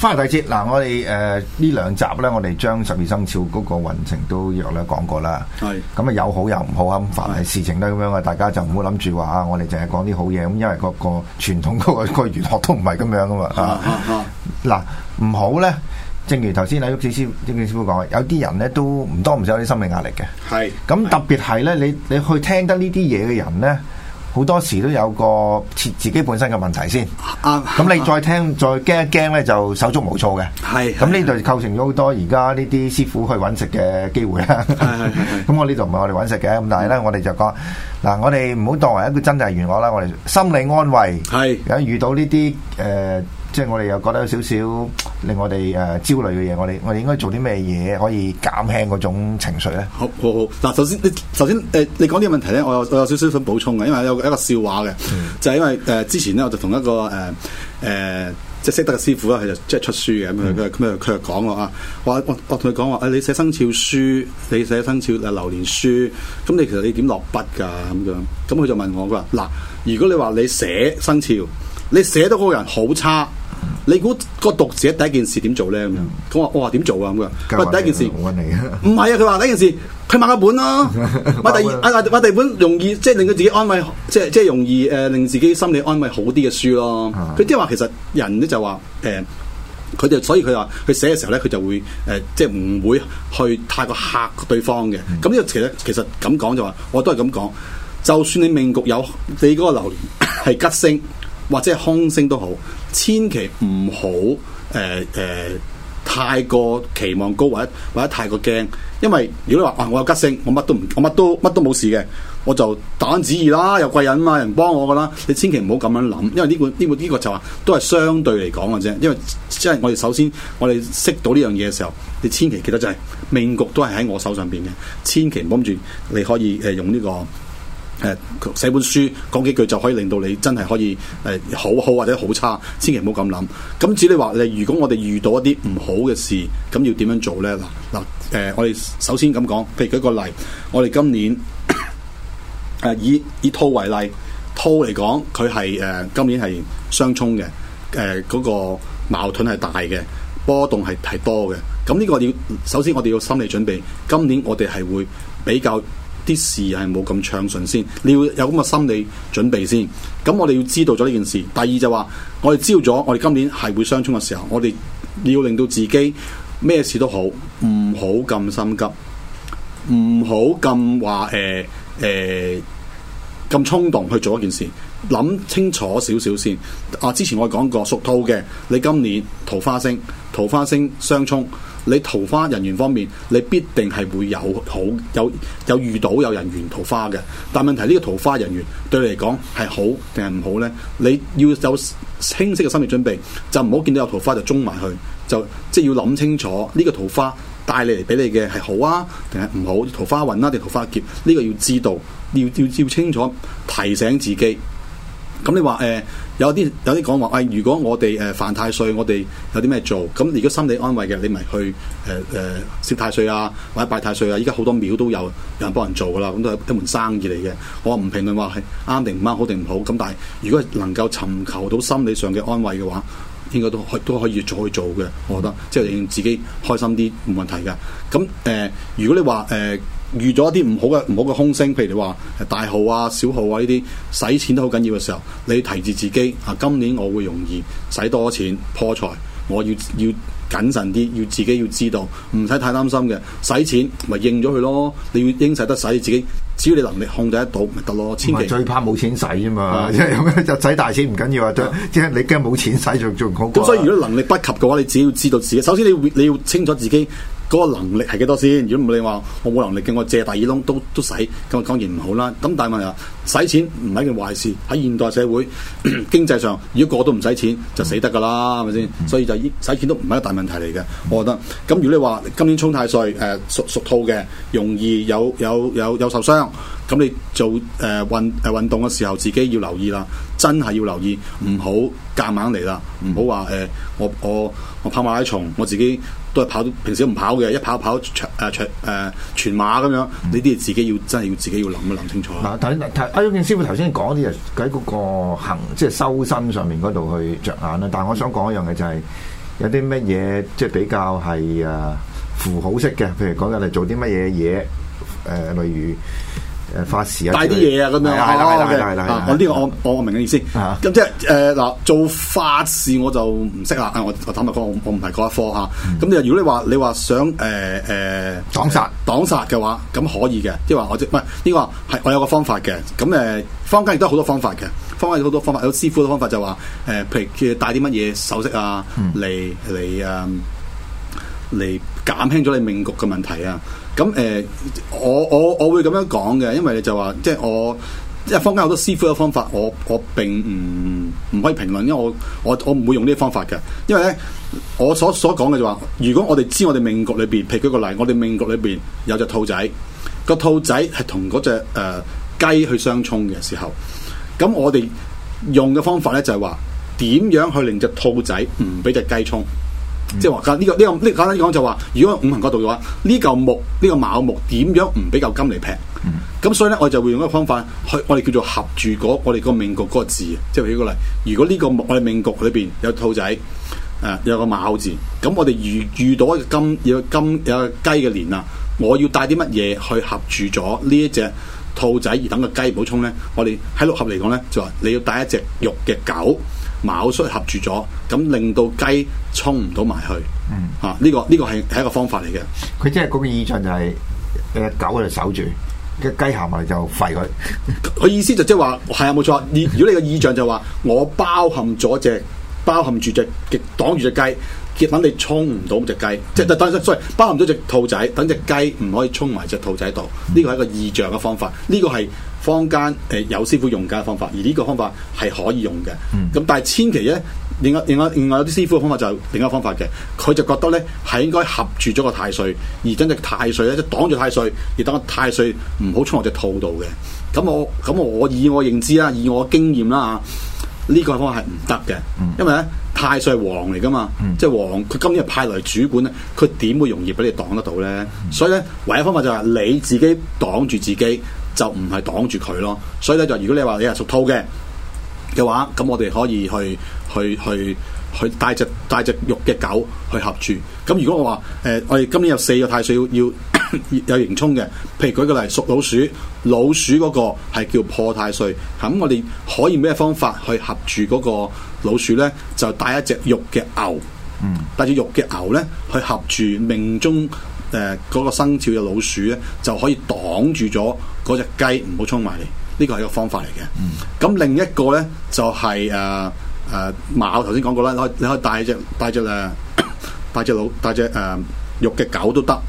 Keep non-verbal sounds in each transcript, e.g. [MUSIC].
返嚟第二節嗱，我哋誒、呃、呢兩集咧，我哋將十二生肖嗰個運程都約略講過啦。係咁啊，有好有唔好啊，咁凡係事情都咁樣啊，大家就唔好諗住話啊，我哋淨係講啲好嘢。咁因為個個傳統個個玄學都唔係咁樣噶嘛。啊嗱，唔好咧，正如頭先喺毓証師、毓証師傅講，有啲人咧都唔多唔少有啲心理壓力嘅。係咁特別係咧，你你，你去聽得呢啲嘢嘅人咧。好多時都有個切自己本身嘅問題先，咁、啊、你再聽、啊、再驚一驚呢，就手足無措嘅。係是，咁呢度構成咗好多而家呢啲師傅去揾食嘅機會啦。咁 [LAUGHS] 我呢度唔係我哋揾食嘅，咁是但係呢，嗯、我哋就講嗱，我哋唔好當為一個真係原我啦，我哋心理安慰係。如果是遇到呢啲誒。呃即係我哋又覺得有少少令我哋誒、呃、焦慮嘅嘢，我哋我哋應該做啲咩嘢可以減輕嗰種情緒咧？好好好，嗱，首先你首先誒你講啲問題咧，我有我有少少想補充嘅，因為有一個笑話嘅，嗯、就係因為誒、呃、之前咧、呃啊，我就同一個誒誒即係識得嘅師傅啦，佢就即係出書嘅咁樣，咁樣佢就講我啊，話我我同佢講話誒，你寫生肖書，你寫生肖誒流年書，咁你其實你點落筆㗎咁樣？咁佢就問我佢話：嗱，如果你話你寫生肖，你寫到嗰個人好差。你估個讀者第一件事點做咧咁樣？佢話、嗯，哇，點做啊？咁佢話：第一件事，唔係啊？佢話第一件事，佢買一本咯。咪第二，買第本容易，即、就、係、是、令佢自己安慰，即係即係容易誒，令自己心理安慰好啲嘅書咯。佢即係話其實人咧就話，誒、呃，佢就所以佢話佢寫嘅時候咧，佢就會誒，即係唔會去太過嚇對方嘅。咁呢個其實其實咁講就話，我都係咁講。就算你命局有你嗰個流年係吉星或者係凶星都好。千祈唔好誒誒太過期望高，或者或者太過驚，因為如果你話啊，我有吉星，我乜都唔，我乜都乜都冇事嘅，我就打緊主意啦，有貴人啊嘛，人幫我噶啦，你千祈唔好咁樣諗，因為呢個呢個呢個就話都係相對嚟講嘅啫，因為即係我哋首先我哋識到呢樣嘢嘅時候，你千祈記得就係命局都係喺我手上邊嘅，千祈唔好諗住你可以誒用呢個。誒、呃、寫本書講幾句就可以令到你真係可以誒、呃、好好或者好差，千祈唔好咁諗。咁至你話你如果我哋遇到一啲唔好嘅事，咁要點樣做呢？嗱嗱誒，我哋首先咁講，譬如舉個例，我哋今年咳咳以以兔為例，兔嚟講佢係誒今年係相沖嘅，誒、呃、嗰個矛盾係大嘅，波動係係多嘅。咁呢個要首先我哋要心理準備，今年我哋係會比較啲事係冇咁暢順先，你要有咁嘅心理準備先。咁我哋要知道咗呢件事。第二就話，我哋知道咗我哋今年係會相沖嘅時候，我哋要令到自己咩事都好，唔好咁心急，唔好咁話誒誒咁衝動去做一件事，諗清楚少少先。啊，之前我講過屬兔嘅，你今年桃花星桃花星相沖。你桃花人緣方面，你必定係會有好有有遇到有人緣桃花嘅，但問題呢個桃花人緣對你嚟講係好定係唔好呢？你要有清晰嘅心理準備，就唔好見到有桃花就衝埋去，就即係、就是、要諗清楚呢個桃花帶你嚟俾你嘅係好啊定係唔好？桃花運啦定桃花劫呢，這個要知道，要要要清楚提醒自己。咁你話誒、呃、有啲有啲講話，誒、哎、如果我哋誒犯太歲，我哋有啲咩做？咁如果心理安慰嘅，你咪去誒誒攝太歲啊，或者拜太歲啊。依家好多廟都有有人幫人做噶啦，咁都係一門生意嚟嘅。我話唔評論話係啱定唔啱，好定唔好。咁但係如果能夠尋求到心理上嘅安慰嘅話，應該都可都可以再做嘅。我覺得即係令自己開心啲冇問題嘅。咁誒、呃，如果你話誒。呃預咗一啲唔好嘅唔好嘅凶星，譬如你話大號啊、小號啊呢啲使錢都好緊要嘅時候，你提住自己啊，今年我會容易使多錢破財，我要要謹慎啲，要自己要知道，唔使太擔心嘅。使錢咪應咗佢咯，你要應使得使自己，只要你能力控制得到，咪得咯。千祈最怕冇錢使啊嘛，因為就使大錢唔緊要啊，即係你驚冇錢使就做唔好。咁所以如果能力不及嘅話，你只要知道自己，首先你你要清楚自己。嗰個能力係幾多先？如果唔係你話，我冇能力叫我借大耳窿都都使，咁當然唔好啦。咁但係問題，使錢唔係一件壞事。喺現代社會 [COUGHS] 經濟上，如果個個都唔使錢，就死得噶啦，係咪先？所以就使錢都唔係一大問題嚟嘅，我覺得。咁如果你話今年衝太歲，誒屬屬兔嘅，容易有有有有受傷。咁你做誒、呃、運誒、呃、運動嘅時候，自己要留意啦，真係要留意，唔好夾硬嚟啦，唔好話誒我我我跑馬拉松，我自己。都係跑，平時唔跑嘅，一跑跑長誒全馬咁樣，呢啲、嗯、要，要自己要真係要自己要諗一諗清楚。嗱、嗯，但係阿毓証師傅頭先講啲嘢，喺嗰個行即係修身上面嗰度去着眼啦。但係我想講一樣嘅 t os ain、嗯、就係有啲乜嘢即係比較係啊符號式嘅，譬如講緊係做啲乜嘢嘢誒，例如。誒，法事啊，帶啲嘢啊，咁樣係啦，係啦，係啦，我呢個我我明嘅意思，咁即係誒嗱，做法事我就唔識啦，我我坦白講，我唔係嗰一科吓，咁你如果你話你話想誒誒擋煞擋煞嘅話，咁可以嘅，即係話我唔係呢個係我有個方法嘅，咁誒坊間亦都有好多方法嘅，坊間有好多方法，有師傅嘅方法就話誒，譬如帶啲乜嘢首飾啊，嚟嚟啊嚟減輕咗你命局嘅問題啊。咁誒，我我我會咁樣講嘅，因為你就話，即係我即係坊間好多師傅嘅方法，我我並唔唔可以評論，因為我我我唔會用呢啲方法嘅。因為咧，我所所講嘅就話，如果我哋知我哋命局裏邊，譬如舉個例，我哋命局裏邊有隻兔仔，個兔仔係同嗰隻誒雞去相沖嘅時候，咁我哋用嘅方法咧就係話，點樣去令隻兔仔唔俾隻雞沖？即係話，呢個呢個呢簡單講就話，如果五行角度嘅話，呢嚿木呢個卯木點樣唔俾嚿金嚟劈？咁、嗯、所以咧，我就會用一個方法去，我哋叫做合住嗰、那個、我哋個命局嗰個字。即、就、係、是、舉個例，如果呢個木我哋命局裏邊有兔仔，誒、呃、有個卯字，咁我哋遇遇到一個金，有金有雞嘅年啦，我要帶啲乜嘢去合住咗呢一隻？兔仔而等嘅雞唔好衝咧，我哋喺六合嚟講咧，就話你要帶一隻肉嘅狗，卯戌合住咗，咁令到雞衝唔到埋去。嚇、嗯、呢、啊這個呢、這個係係一個方法嚟嘅。佢即係嗰個意象就係誒、就是、狗喺度守住，隻雞行埋就吠佢。佢 [LAUGHS] 意思就即係話係啊，冇錯。如果你個意象就話我包含咗隻，包含住隻擋住隻，極擋住隻雞。結粉，你衝唔到隻雞，嗯、即係就單身，所以包含咗隻兔仔，等隻雞唔可以衝埋隻兔仔度。呢個係一個意象嘅方法，呢個係坊間誒、呃、有師傅用緊嘅方法，而呢個方法係可以用嘅。咁、嗯、但係千祈咧，另外另外另外有啲師傅嘅方法就另一方法嘅，佢就覺得咧係應該合住咗個太歲，而等隻太歲咧即係擋住太歲，而等個太歲唔好衝落隻兔度嘅。咁我咁我，我，我以我認知啦，以我經驗啦啊，呢、這個方法係唔得嘅，因為咧。太歲係王嚟噶嘛，嗯、即係王，佢今日派來主管咧，佢點會容易俾你擋得到咧？嗯、所以咧，唯一方法就係、是、你自己擋住自己，就唔係擋住佢咯。所以咧，就如果你話你係屬兔嘅嘅話，咁我哋可以去去去去帶隻帶隻玉嘅狗去合住。咁如果我話誒、呃，我哋今年有四個太歲要，要 [COUGHS] 有刑衝嘅，譬如舉個例，屬老鼠，老鼠嗰個係叫破太歲，咁我哋可以咩方法去合住嗰、那個？老鼠咧就帶一隻肉嘅牛，帶隻、嗯、肉嘅牛咧去合住命中誒嗰、呃那個生肖嘅老鼠咧，就可以擋住咗嗰隻雞唔好衝埋嚟，呢個係一個方法嚟嘅。咁、嗯、另一個咧就係誒誒馬頭先講過啦，你可以你、呃呃、可以帶隻帶隻誒帶隻老帶隻誒肉嘅狗都得。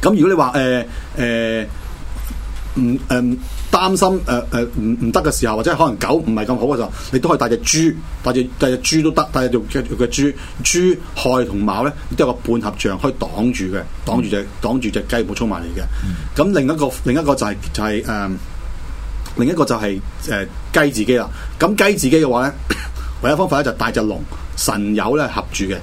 咁如果你話誒誒嗯嗯。呃呃呃呃呃呃擔心誒誒唔唔得嘅時候，或者可能狗唔係咁好嘅時候，你都可以帶隻豬，帶隻帶隻豬都得，帶隻肉嘅豬。豬亥同卯咧，都有個半合像可以擋住嘅，擋住隻擋住隻雞冇衝埋嚟嘅。咁、嗯、另一個另一個就係、是、就係、是、誒、呃、另一個就係誒雞自己啦。咁雞自己嘅話咧，唯一方法咧就帶隻龍辰酉咧合住嘅，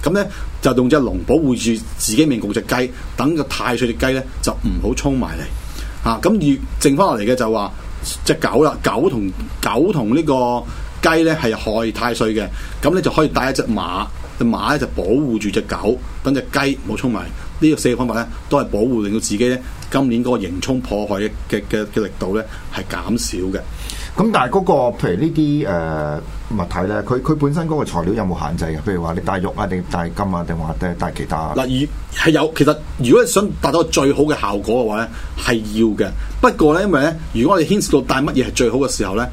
咁咧就用隻龍保護住自己面局隻雞，等個太歲隻雞咧就唔好衝埋嚟。啊！咁餘剩翻落嚟嘅就話隻狗啦，狗同狗同呢個雞咧，係害太歲嘅。咁你就可以帶一隻馬。馬咧就保護住隻狗，等隻雞冇衝埋。呢個四個方法咧，都係保護令到自己咧，今年嗰個刑衝破害嘅嘅嘅力度咧係減少嘅。咁但係嗰、嗰個譬如呢啲誒物體咧，佢佢本身嗰個材料有冇限制嘅？譬如話你帶肉啊，定帶金啊，定或者帶其他嗱？如係有，其實如果你想達到最好嘅效果嘅話咧，係要嘅。不過咧，因為咧，如果我哋牽涉到帶乜嘢係最好嘅時候咧。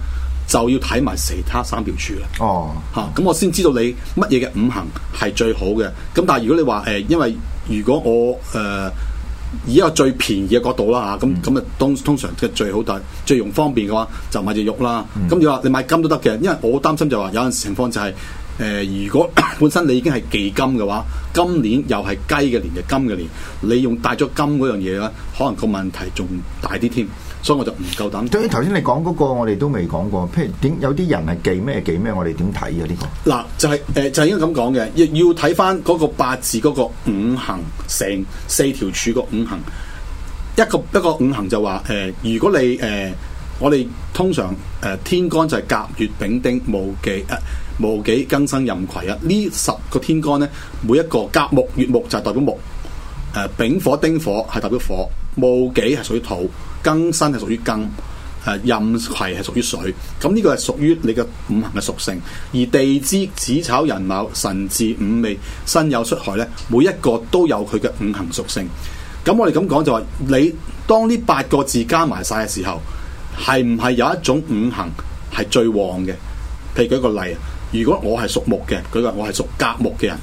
就要睇埋其他三條柱啦。哦、oh. 啊，嚇，咁我先知道你乜嘢嘅五行係最好嘅。咁但係如果你話誒、呃，因為如果我誒、呃、以一個最便宜嘅角度啦嚇，咁咁啊、mm. 通通常最好但最用方便嘅話，就買隻肉啦。咁你話你買金都得嘅，因為我擔心就話有陣時情況就係、是、誒、呃，如果 [COUGHS] 本身你已經係忌金嘅話，今年又係雞嘅年，嘅金嘅年，你用帶咗金嗰樣嘢咧，可能個問題仲大啲添。所以我就唔夠膽。對於頭先你講嗰個，我哋都未講過。譬如點有啲人係忌咩忌咩，我哋點睇啊？呢、這個嗱就係、是、誒、呃、就是、應該咁講嘅，要睇翻嗰個八字嗰個五行，成四條柱個五行。一個一個五行就話誒、呃，如果你誒、呃、我哋通常誒、呃、天干就係甲、乙、丙、丁、戊、己，誒、戊己庚辛壬癸啊，呢十個天干咧，每一個甲木、乙木就係代表木誒、呃、丙火、丁火係代表火，戊己係屬於土。庚辛係屬於金，誒，壬癸係屬於水，咁呢個係屬於你嘅五行嘅屬性。而地支子丑寅卯辰巳午未申酉戌亥咧，每一個都有佢嘅五行屬性。咁我哋咁講就話，你當呢八個字加埋晒嘅時候，係唔係有一種五行係最旺嘅？譬如舉個例，如果我係屬木嘅，舉個例，我係屬甲木嘅人，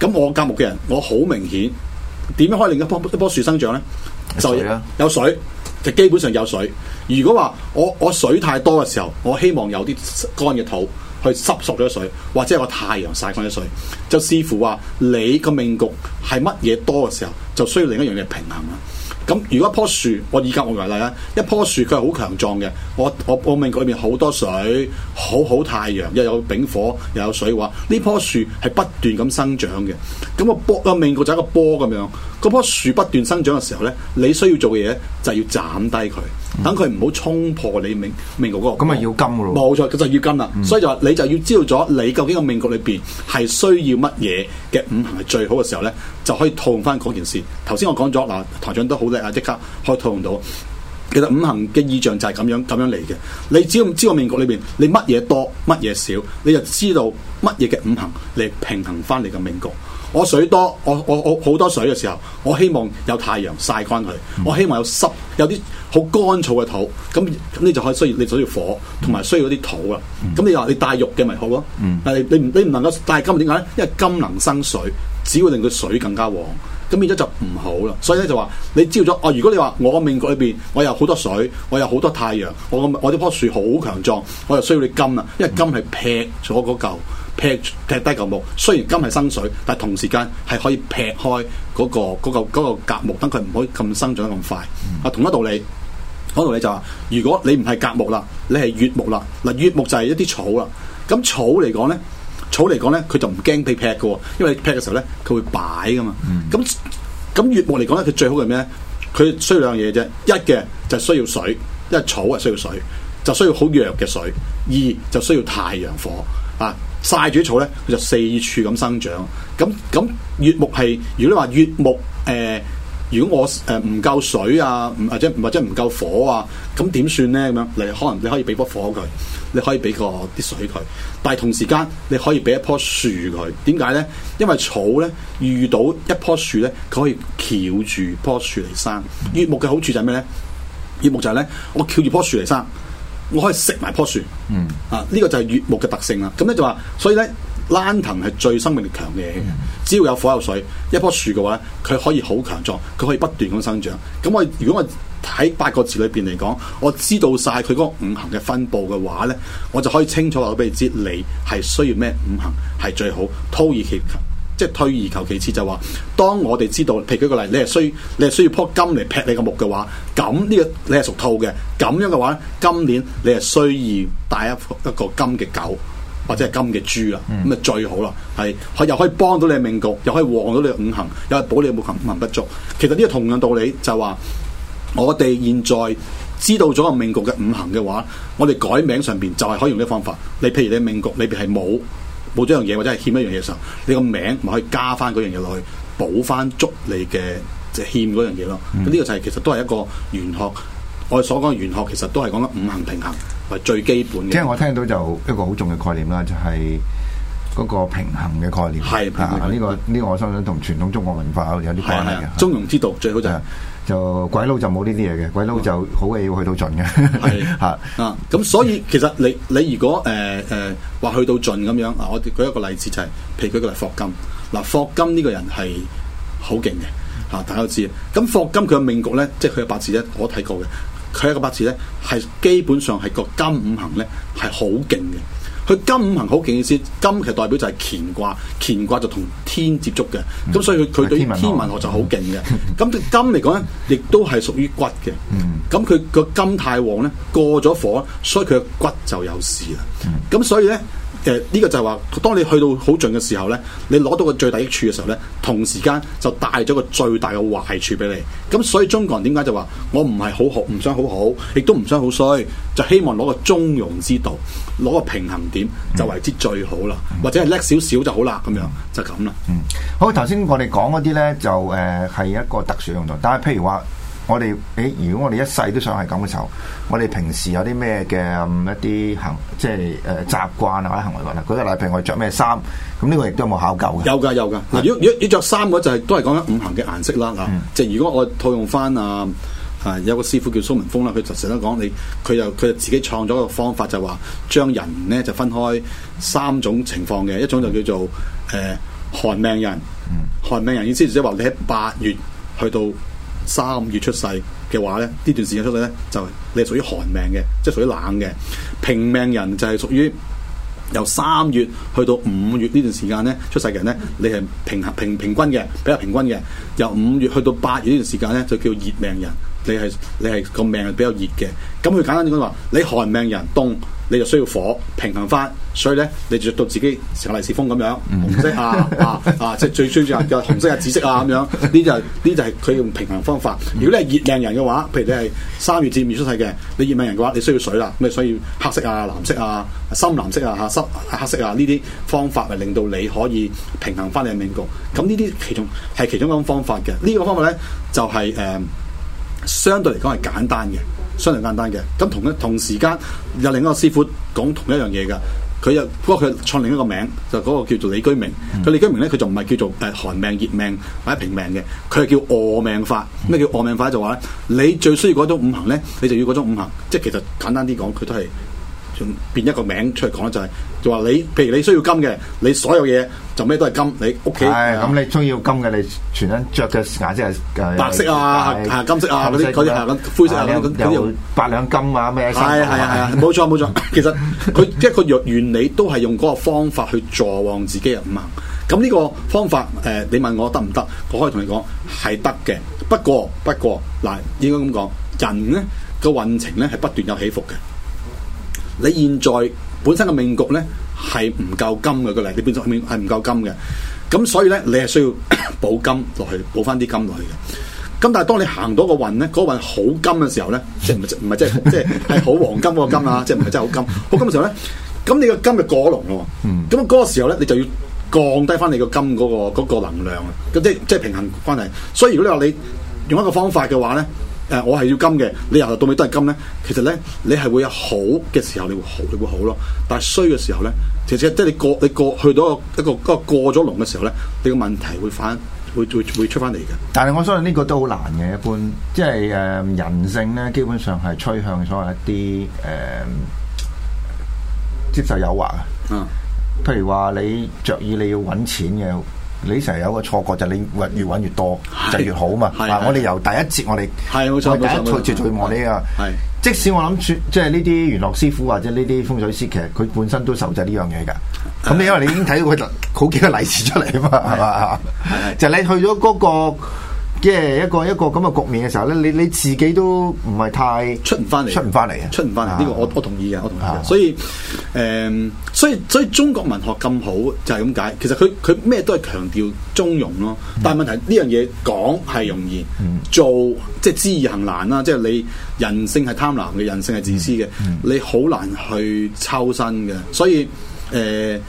咁我甲木嘅人，我好明顯點樣可以令一樖一樖樹生長呢？就有，有水。就基本上有水。如果話我我水太多嘅時候，我希望有啲乾嘅土去吸收咗水，或者個太陽曬乾咗水，就視乎話你個命局係乜嘢多嘅時候，就需要另一樣嘢平衡啦。咁如果一棵樹，我而家我例例啦，一棵樹佢係好強壯嘅，我我我命局裏面好多水，好好太陽，又有丙火，又有水，話呢棵樹係不斷咁生長嘅。咁個波個命局就係個波咁樣，嗰棵樹不斷生長嘅時候咧，你需要做嘅嘢就要斬低佢。等佢唔好衝破你命命局嗰個，咁咪要金嘅咯？冇錯，佢就係要金啦。嗯、所以就話你就要知道咗你究竟個命局裏邊係需要乜嘢嘅五行係最好嘅時候咧，就可以套用翻嗰件事。頭先我講咗嗱，台長都好叻啊，即刻可以套用到。其實五行嘅意象就係咁樣咁樣嚟嘅。你只要知道命局裏邊你乜嘢多，乜嘢少，你就知道乜嘢嘅五行嚟平衡翻你嘅命局。我水多，我我我好多水嘅時候，我希望有太陽曬乾佢。嗯、我希望有濕，有啲好乾燥嘅土，咁咁你就可以需要你需要火，同埋、嗯、需要啲土啊。咁、嗯、你話你帶肉嘅咪好咯，嗯、但係你唔你唔能夠帶金點解咧？因為金能生水，只會令佢水更加旺，咁變咗就唔好啦。所以咧就話你知咗哦。如果你話我個命局裏邊我有好多水，我有好多太陽，我我呢棵樹好強壯，我又需要你金啦，因為金係劈咗嗰嚿。劈劈低嚿木，雖然金係生水，但係同時間係可以劈開嗰、那個嗰嚿、那個那個、甲木，等佢唔可以咁生長得咁快。啊，同一道理，嗰道，道理就話、是：如果你唔係甲木啦，你係乙木啦。嗱，乙木就係一啲草啦。咁草嚟講咧，草嚟講咧，佢就唔驚被劈嘅喎，因為劈嘅時候咧，佢會擺噶嘛。咁咁、嗯、乙木嚟講咧，佢最好係咩咧？佢需要兩樣嘢啫。一嘅就係、是、需要水，一因為草啊需要水，就需要好弱嘅水。二就需要太陽火啊。晒住啲草咧，佢就四處咁生長。咁咁，月木係，如果你話月木，誒、呃，如果我誒唔、呃、夠水啊，或者或者唔夠火啊，咁點算咧？咁樣，你可能你可以俾棵火佢，你可以俾個啲水佢，但係同時間你可以俾一棵樹佢。點解咧？因為草咧遇到一棵樹咧，佢可以翹住棵樹嚟生。月木嘅好處就係咩咧？月木就係咧，我翹住棵樹嚟生。我可以食埋棵樹，啊呢、這個就係月木嘅特性啦。咁、啊、咧就話，所以咧蘭藤係最生命力強嘅嘢。只要有火有水，一棵樹嘅話，佢可以好強壯，佢可以不斷咁生長。咁我如果我喺八個字裏邊嚟講，我知道晒佢嗰個五行嘅分布嘅話咧，我就可以清楚話俾你知，你係需要咩五行，係最好，土耳其。即係退而求其次就話，當我哋知道，譬如舉個例，你係需你係需要鋪金嚟劈你個木嘅話，咁呢個你係屬兔嘅，咁樣嘅話，今年你係需要帶一一個金嘅狗或者係金嘅豬啊，咁啊最好啦，係可又可以幫到你嘅命局，又可以旺到你嘅五行，又係補你嘅五行不足。其實呢個同樣道理就話、是，我哋現在知道咗個命局嘅五行嘅話，我哋改名上邊就係可以用呢個方法。你譬如你命局裏邊係冇。冇咗樣嘢或者係欠一樣嘢嘅時候，你個名咪可以加翻嗰樣嘢落去，補翻足你嘅即係欠嗰樣嘢咯。呢、嗯、個就係其實都係一個玄學，我哋所講嘅玄學其實都係講得五行平衡係最基本嘅。即係我聽到就一個好重嘅概念啦，就係、是、嗰個平衡嘅概念。係是啊，呢、啊這個呢、嗯、個我想想同傳統中國文化有有啲關係嘅。中庸之道最好就係。就鬼佬就冇呢啲嘢嘅，鬼佬就好鬼要去到盡嘅，嚇的 [LAUGHS] 啊！咁所以其實你你如果誒誒話去到盡咁樣啊，我舉一個例子就係、係，譬如舉個例霍金，嗱霍金呢個人係好勁嘅嚇，大家都知。咁、啊、霍金佢嘅命局咧，即係佢嘅八字咧，我睇過嘅，佢一個八字咧係基本上係個金五行咧係好勁嘅。佢金五行好勁嘅先，金其實代表就係乾卦，乾卦就同天接觸嘅，咁、嗯、所以佢佢對於天文學就好勁嘅。咁對、嗯、金嚟講咧，嗯、亦都係屬於骨嘅。咁佢個金太旺咧，過咗火，所以佢嘅骨就有事啦。咁、嗯、所以咧。呢、呃呢個就係話，當你去到好盡嘅時候呢，你攞到個最大益處嘅時候呢，同時間就帶咗個最大嘅壞處俾你。咁所以中國人點解就話我唔係好學，唔想好好，亦都唔想好衰，就希望攞個中庸之道，攞個平衡點就為之最好啦。嗯、或者係叻少少就好啦，咁樣、嗯、就咁啦。嗯，好，頭先我哋講嗰啲呢，就誒係、呃、一個特殊用途，但係譬如話。我哋，誒，如果我哋一世都想係咁嘅時候，我哋平時有啲咩嘅一啲行，即係誒習慣啊或者行為啊嗰啲，例如我着咩衫，咁呢個亦都有冇考究嘅？有噶有噶，嗱，如果如果要着衫嘅話，就係都係講緊五行嘅顏色啦，嗱，即係如果我套用翻啊啊，有個師傅叫蘇文峰啦，佢就成日講你，佢就佢就自己創咗個方法，就話將人咧就分開三種情況嘅，一種就叫做誒寒命人，寒命人意思即係話你喺八月去到。三月出世嘅話咧，呢段時間出世咧就你係屬於寒命嘅，即係屬於冷嘅。平命人就係屬於由三月去到五月呢段時間咧出世嘅人咧，你係平平平均嘅，比較平均嘅。由五月去到八月呢段時間咧就叫熱命人，你係你係個命係比較熱嘅。咁佢簡單點講話，你寒命人凍，你就需要火平衡翻，所以咧你就到自己成個利是風咁樣，紅色啊啊啊，即係最主要啊嘅紅色啊、紫色啊咁樣，呢就呢就係佢用平衡方法。嗯、如果你係熱命人嘅話，譬如你係三月至五月出世嘅，你熱命人嘅話，你需要水啦。咁你所以黑色啊、藍色啊、深藍色啊、吓深黑色啊呢啲方法，嚟令到你可以平衡翻你嘅命局。咁呢啲其中係其，其中一種方法嘅。呢個方法咧、這個、就係、是、誒、就是、相對嚟講係簡單嘅。相對簡單嘅，咁同一同時間有另一個師傅講同一樣嘢嘅，佢又不過佢創另一個名，就嗰、是、個叫做李居明。佢、嗯、李居明咧，佢就唔係叫做誒、呃、寒命、熱命或者平命嘅，佢係叫餓命法。咩叫餓命法呢？嗯、就話咧，你最需要嗰種五行咧，你就要嗰種五行。即係其實簡單啲講，佢都係。變一個名出嚟講，就係就話你，譬如你需要金嘅，你所有嘢就咩都係金。你屋企咁，你中意要金嘅，你全身着嘅顏色係白色啊、金色啊、啲啲灰色啊嗰啲有八兩金啊咩？係啊係啊係啊，冇錯冇錯。其實佢一個原原理都係用嗰個方法去助旺自己啊五行。咁呢個方法誒，你問我得唔得？我可以同你講係得嘅。不過不過嗱，應該咁講，人咧個運程咧係不斷有起伏嘅。你現在本身嘅命局咧，係唔夠金嘅，佢嚟，你變咗係唔係夠金嘅？咁所以咧，你係需要補 [COUGHS] 金落去，補翻啲金落去嘅。咁但係當你行到個運咧，嗰、嗰個運好金嘅時候咧，即係唔係即係即係係好黃金個金啊，即係唔係真係好金好金嘅時候咧，咁你個金入過龍咯、啊。咁嗰個時候咧，你就要降低翻你金、嗰個金嗰個個能量啊，咁即係即係平衡關係。所以如果你話你用一個方法嘅話咧。誒，我係要金嘅，你由頭到尾都係金咧。其實咧，你係會有好嘅時候，你會好，你會好咯。但係衰嘅時候咧，其實即係你過你過去到一個一個過咗籠嘅時候咧，你個問題會翻會會會出翻嚟嘅。但係我相信呢個都好難嘅，一般即係誒人性咧，基本上係趨向所謂一啲誒、呃、接受誘惑啊。譬如話你着意你要揾錢嘅。你成日有個錯覺就係、是、你越揾越多是就越好嘛？嗱，我哋由第一節我哋係冇錯，冇錯，逐節逐幕呢個係。即使我諗住即係呢啲玄學師傅或者呢啲風水師，其實佢本身都受制呢樣嘢㗎。咁是你因為你已經睇到佢好幾個例子出嚟啊嘛，係嘛是？吧就係你去咗嗰、那個。即係一個一個咁嘅局面嘅時候咧，你你自己都唔係太出唔翻嚟，出唔翻嚟嘅，出唔翻嚟。呢、啊、個我我同意嘅，我同意嘅、啊呃。所以，誒，所以所以中國文學咁好就係、是、咁解。其實佢佢咩都係強調中庸咯。嗯、但係問題呢樣嘢講係容易，嗯、做即係、就是、知易行難啦。即、就、係、是、你人性係貪婪嘅，人性係自私嘅，嗯嗯、你好難去抽身嘅。所以，誒、呃。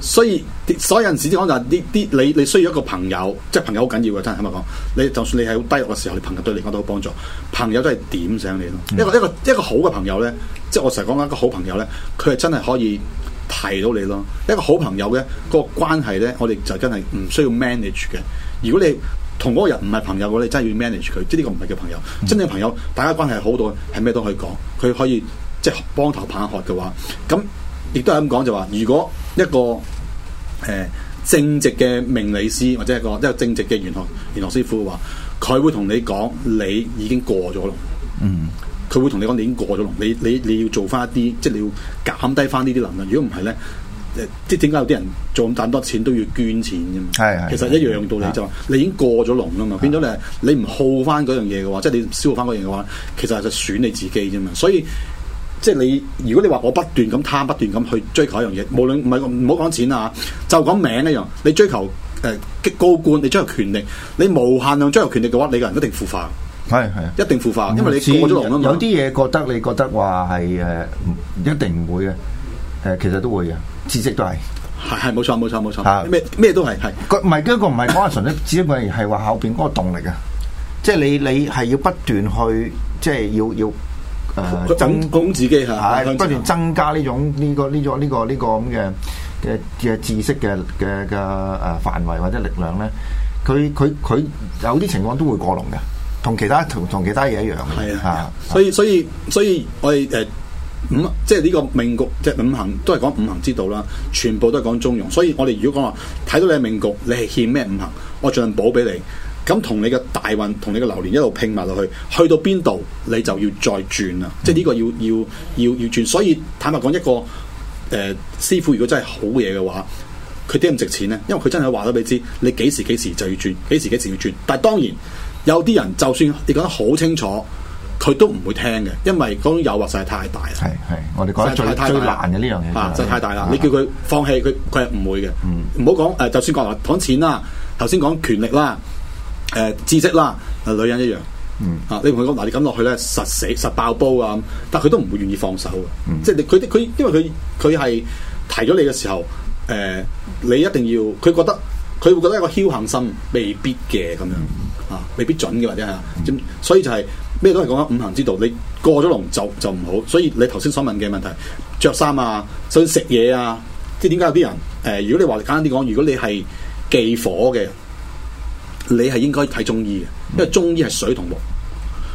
所以，所以有陣時我講就係呢啲你你需要一個朋友，即係朋友好緊要嘅。真係咁啊講，你就算你係好低落嘅時候，你朋友對你嚟講都好幫助。朋友都係點醒你咯、嗯。一個一個一個好嘅朋友咧，即係我成日講緊，一個好朋友咧，佢係真係可以提到你咯。一個好朋友咧，嗰個關係咧，我哋就真係唔需要 manage 嘅。如果你同嗰個人唔係朋友，你真係要 manage 佢，即係呢個唔係叫朋友。嗯、真正朋友，大家關係好到係咩都可以講，佢可以即係幫頭棒喝嘅話，咁。亦都係咁講，就話如果一個誒、呃、正直嘅命理師或者一個即係正直嘅玄學玄學師傅嘅話，佢會同你講，你已經過咗龍。嗯，佢會同你講，你已經過咗龍。你你你要做翻一啲，即係你要減低翻呢啲能量。如果唔係咧，即係點解有啲人做咁賺多錢都要捐錢嘅？係的，其實一樣道理就話的你已經過咗龍啦嘛。的變咗你，你唔耗翻嗰樣嘢嘅話，即係你消耗翻嗰樣嘢嘅話，其實係就損你自己啫嘛。所以。所以即係你，如果你話我不斷咁貪，不斷咁去追求一樣嘢，無論唔係唔好講錢啊，就講名一樣，你追求誒、呃、高官，你追求權力，你無限量追求權力嘅話，你個人一定腐化。係係，一定腐化，因為你過咗龍啊嘛。係係有啲嘢覺得，嗯、你覺得話係誒，一定唔會嘅誒，其實都會嘅，知識都係係係，冇錯冇錯冇錯。咩咩都係係，唔係跟個唔係純粹咧，只不過係話後邊嗰個動力啊，即、就、係、係、你你係、就是、要不斷去，即係要要。要要要要誒，整工、呃、攻自己吓，是是不斷增加呢種呢、這個呢種呢個呢、這個咁嘅嘅嘅知識嘅嘅嘅誒範圍或者力量咧，佢佢佢有啲情況都會過龍嘅，同其他同同其他嘢一樣嘅，係啊，啊，啊所，所以所以所以我哋誒、呃、五即係呢個命局，即、就、係、是、五行都係講五行之道啦，全部都係講中庸。所以我哋如果講話睇到你命局，你係欠咩五行，我盡量補俾你。咁同你嘅大運同你嘅流年一路拼埋落去，去到邊度你就要再轉啦。嗯、即係呢個要要要要轉。所以坦白講，一個誒、呃、師傅如果真係好嘢嘅話，佢點咁值錢呢？因為佢真係話咗俾你知，你幾時幾時就要轉，幾時幾時要轉。但係當然有啲人就算你講得好清楚，佢都唔會聽嘅，因為嗰種誘惑實係太大啦。係我哋講得最實在太最難嘅呢樣嘢啊，真係太大啦！嗯、你叫佢放棄，佢佢係唔會嘅。唔好講誒，就算講攤錢啦，頭先講權力啦。誒、呃，知識啦，啊、呃，女人一樣，嗯，啊，你同佢講嗱，你咁落去咧，實死實爆煲啊！但佢都唔會願意放手嘅，嗯、即係佢佢，因為佢佢係提咗你嘅時候，誒、呃，你一定要，佢覺得佢會覺得一個僥幸心未必嘅咁樣啊，未必準嘅或者係，嗯、所以就係、是、咩都係講緊五行之道，你過咗龍就就唔好，所以你頭先所問嘅問題，着衫啊，甚至食嘢啊，即係點解有啲人誒、呃，如果你話簡單啲講，如果你係忌火嘅。你係應該睇中醫嘅，因為中醫係水同木。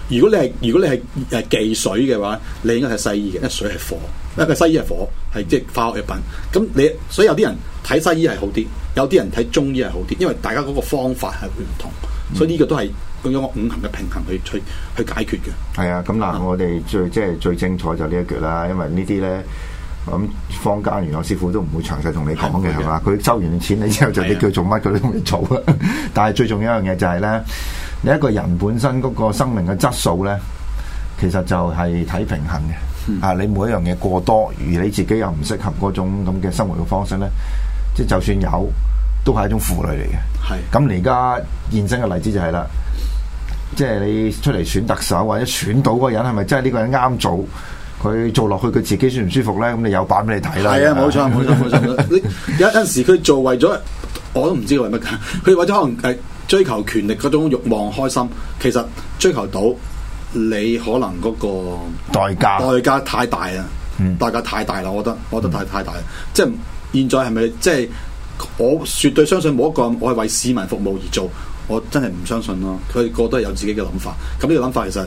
如果你係如果你係係忌水嘅話，你應該係西醫嘅，因為水係火，嗯、因為西醫係火，係即係化學藥品。咁你所以有啲人睇西醫係好啲，有啲人睇中醫係好啲，因為大家嗰個方法係會唔同。嗯、所以呢個都係用一個五行嘅平衡去去去解決嘅。係啊、嗯，咁嗱，我哋最即係、就是、最精彩就呢一橛啦，因為呢啲咧。咁放假，方家元朗師傅都唔會詳細同你講嘅，係嘛的？佢收完錢你之後就你叫佢做乜佢都同你做啦。的 [LAUGHS] 但係最重要一樣嘢就係、是、咧，你一個人本身嗰個生命嘅質素咧，其實就係睇平衡嘅。嗯、啊，你每一樣嘢過多，而你自己又唔適合嗰種咁嘅生活嘅方式咧，即係就算有，都係一種負累嚟嘅。係的。咁你而家現身嘅例子就係、是、啦，即、就、係、是、你出嚟選特首或者選到嗰人係咪真係呢個人啱做？佢做落去佢自己舒唔舒服咧？咁你有版俾你睇啦。係啊，冇錯冇錯冇錯。你 [LAUGHS] 有陣時佢做為咗，我都唔知佢為乜嘅。佢為咗可能誒追求權力嗰種慾望開心，其實追求到你可能嗰個代價，代價太大啦！代價太大啦，嗯、我覺得，我覺得太、嗯、太大啦。即係現在係咪？即係我絕對相信冇一個我係為市民服務而做，我真係唔相信咯。佢個個都係有自己嘅諗法，咁呢個諗法其實。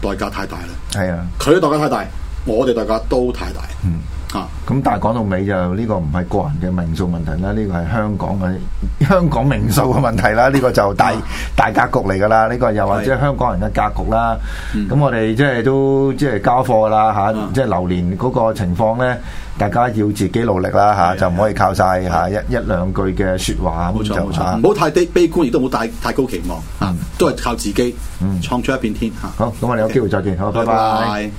代價太大啦，係啊，佢代價太大，我哋代價都太大。嗯，啊，咁但係講到尾就呢個唔係個人嘅命數問題啦，呢、這個係香港嘅香港命數嘅問題啦，呢、這個就大、啊、大格局嚟噶啦，呢、這個又或者香港人嘅格局啦，咁、啊、我哋即係都即係、就是、交貨噶啦，吓、啊，即係流年嗰個情況咧。大家要自己努力啦吓，就唔可以靠晒吓，一一兩句嘅説話冇錯，冇錯，唔好太低悲觀，亦都唔好太太高期望嚇，都係靠自己，嗯，創出一片天吓，好，咁我哋有機會再見，好，拜拜。